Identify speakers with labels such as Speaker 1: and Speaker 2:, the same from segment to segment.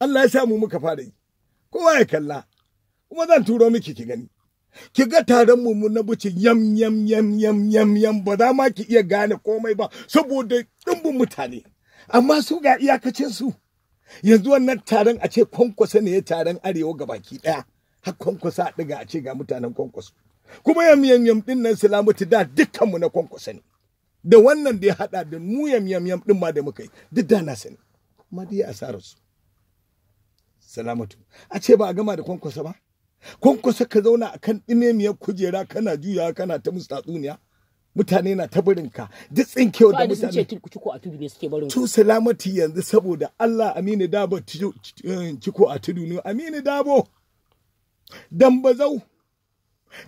Speaker 1: Allah ya samu muka fara yi kowa ya kalla kuma zan turo miki ki gani ki ga taron mu na bucin yam yam yam yam yam yam ba za ma ki iya gane komai ba saboda dimbin mutane amma su ga iyakacin su yanzu wannan taron a ce kwankwasa ne ya taron arewa ga baki daya har kwankwasa a diga a ce ga mutanen kwankwasa kuma yam yam yam din nan salamatu da dukkan mu na kwankwasa ne da wannan da ya haɗa da mu yam yam yam din ma da muka yi duk da na sani amma dai asarar su salamatu a ce ba a gama da kwankwasa ba kwankwasa ka zauna a kan ɗinemiyar kujera kana juyawa kana ta musu mutane na ta barin ka duk tsinkewa da mutane ce
Speaker 2: ciko a tudu ne suke barin to
Speaker 1: salamatu yanzu saboda Allah Aminu Dabo eh, ciko a tudu ne Aminu Dabo bazau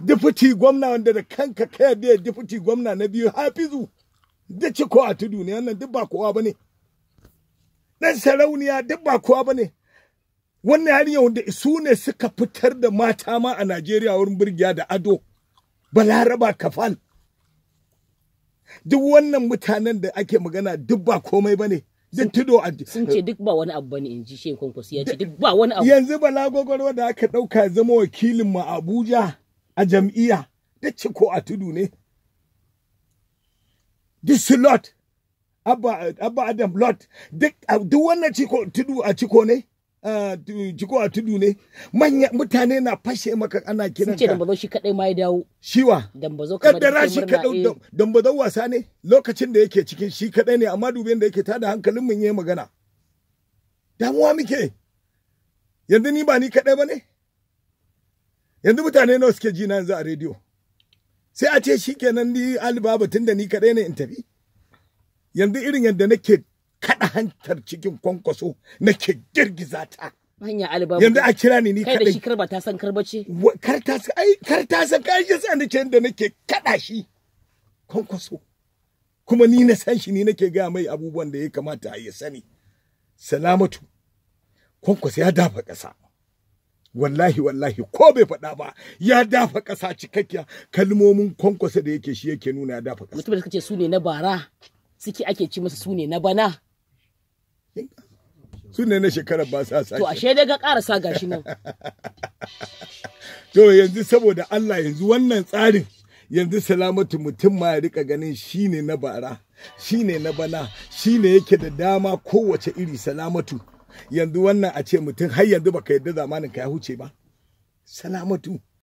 Speaker 1: Deputy gwamna wanda da kanka kaya biya deputy gwamna na biyu Hafizu da ciko a tudu ne wannan duk ba kowa bane dan sarauniya duk ba kowa bane wannan yarinya wanda su ne suka fitar da mata ma a Najeriya wurin birgiya da ado balaraba kafal duk wannan mutanen da ake magana duk ba komai bane duk tudo a sun ce
Speaker 2: duk ba wani abu bane in ji shehu kwankwas ya ce duk ba wani abu
Speaker 1: yanzu bala gogoro da aka dauka zama wakilin mu Abuja a jam'iyya duk ciko ko a tudu ne duk su lot abba adam lot duk wannan tudu a ciko ne jiko a tudu ne manya mutane na fashe maka ana kiran ka dambazo shi kadai ma ya dawo
Speaker 2: shi wa. dambazo kamar da shi kadai eh.
Speaker 1: dambazo wasa ne lokacin da yake cikin shi kadai ne amma duben da yake tada hankalin mun yayi magana damuwa muke yanzu ni ba ni kadai bane yanzu mutane nawa suke ji na yanzu a rediyo sai a ce shikenan ni alibaba tun da ni kadai ne in tafi yanzu irin yadda nake kaɗa hantar cikin kwankwaso nake girgiza ta. Hanya aliba. Yanzu a kira ni ni kaɗai. Kai da shi karba ta san karba ce. Kar ta san ai kar ta san kai shi san nake da nake kaɗa shi kwankwaso. Kuma ni na san shi ni nake ga mai abubuwan da ya kamata ya sani. Salamatu. Kwankwaso ya dafa ƙasa. Wallahi wallahi ko bai faɗa ba ya dafa ƙasa cikakkiya kalmomin kwankwasa da yake shi yake nuna ya dafa ƙasa. Mutum da kace su
Speaker 2: ne na bara. suke ake ci masa sune na bana
Speaker 1: su na shekarar ba sa sake to ashe
Speaker 2: dai ga karasa gashi nan
Speaker 1: to yanzu saboda Allah yanzu wannan tsarin yanzu salamatu mutum ma ya rika ganin shine na bara shine na bana shine yake da dama kowace iri salamatu yanzu wannan a ce mutum har yanzu baka yarda zamanin ka ya huce ba salamatu